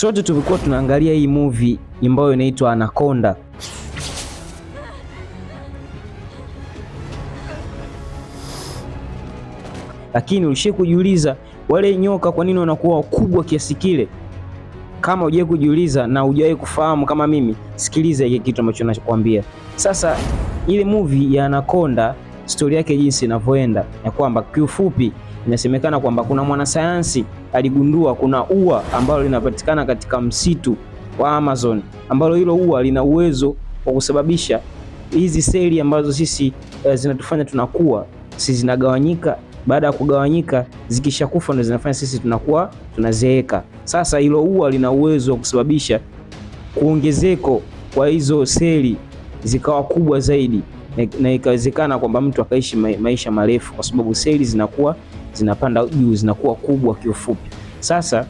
Sote tumekuwa tunaangalia hii movie ambayo inaitwa Anaconda. Lakini ulishie kujiuliza wale nyoka kwa nini wanakuwa wakubwa kiasi kile? Kama hujawahi kujiuliza na hujawahi kufahamu kama mimi, sikiliza hiki kitu ambacho nachokuambia. Sasa ile movie ya Anaconda, stori yake jinsi inavyoenda ya kwamba kiufupi Inasemekana kwamba kuna mwanasayansi aligundua kuna ua ambalo linapatikana katika msitu wa Amazon, ambalo hilo ua lina uwezo wa kusababisha hizi seli ambazo sisi e, zinatufanya tunakuwa si zinagawanyika baada ya kugawanyika zikishakufa ndio zinafanya sisi tunakuwa tunazeeka. Sasa hilo ua lina uwezo wa kusababisha kuongezeko kwa hizo seli zikawa kubwa zaidi na ikawezekana kwamba mtu akaishi maisha marefu, kwa sababu seli zinakuwa zinapanda juu, zinakuwa kubwa kiufupi. Sasa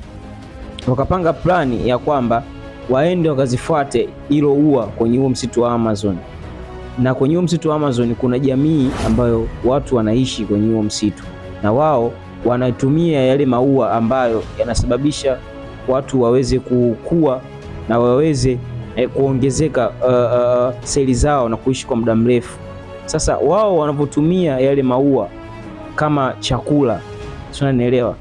wakapanga plani ya kwamba waende wakazifuate hilo ua kwenye huo msitu wa Amazon, na kwenye huo msitu wa Amazon kuna jamii ambayo watu wanaishi kwenye huo msitu, na wao wanatumia yale maua ambayo yanasababisha watu waweze kukua na waweze eh, kuongezeka uh, uh, seli zao na kuishi kwa muda mrefu. Sasa wao wanavyotumia yale maua kama chakula, tunanielewa,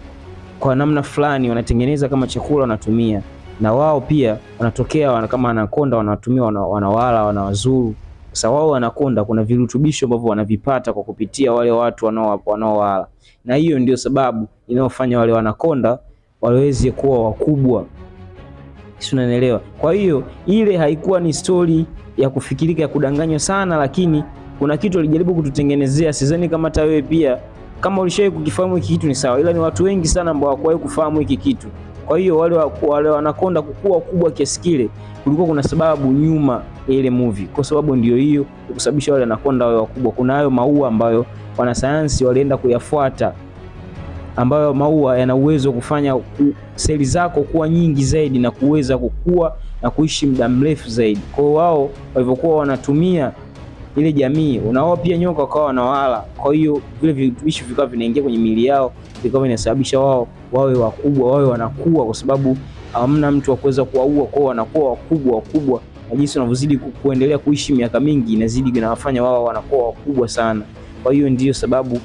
kwa namna fulani wanatengeneza kama chakula wanatumia, na wao pia wanatokea wana, kama anakonda wanatumia wanawala, wanawazuru. Sasa wao wanakonda, kuna virutubisho ambavyo wanavipata kwa kupitia wale watu wanaowala, na hiyo ndio sababu inayofanya wale wanakonda waweze kuwa wakubwa si unanielewa? Kwa hiyo ile haikuwa ni stori ya kufikirika ya kudanganywa sana, lakini kuna kitu alijaribu kututengenezea. Sizani kama hata wewe pia kama ulishawahi kukifahamu hiki kitu ni sawa, ila ni watu wengi sana ambao hawakuwahi kufahamu hiki kitu. Kwa hiyo wale wale wanakonda kukua kubwa kiasi kile, kulikuwa kuna sababu nyuma ile movie, kwa sababu ndio hiyo kusababisha wale wanakonda wawe wakubwa. Kuna hayo maua ambayo wanasayansi walienda kuyafuata ambayo maua yana uwezo wa kufanya seli zako kuwa nyingi zaidi na kuweza kukua na kuishi muda mrefu zaidi. Kwa hiyo wao walivyokuwa wanatumia ile jamii, na pia nyoka wakawa wanawala, kwa hiyo vile virutubishi vikawa vinaingia kwenye miili yao, vikawa vinasababisha wao wawe wakubwa, wawe wanakuwa, kwa sababu hamna mtu wa kuweza kuwaua. Kwa hiyo wanakuwa wakubwa wakubwa, na jinsi wanavyozidi kuendelea kuishi miaka mingi inazidi inawafanya wao wanakuwa wakubwa sana. Kwa hiyo ndiyo sababu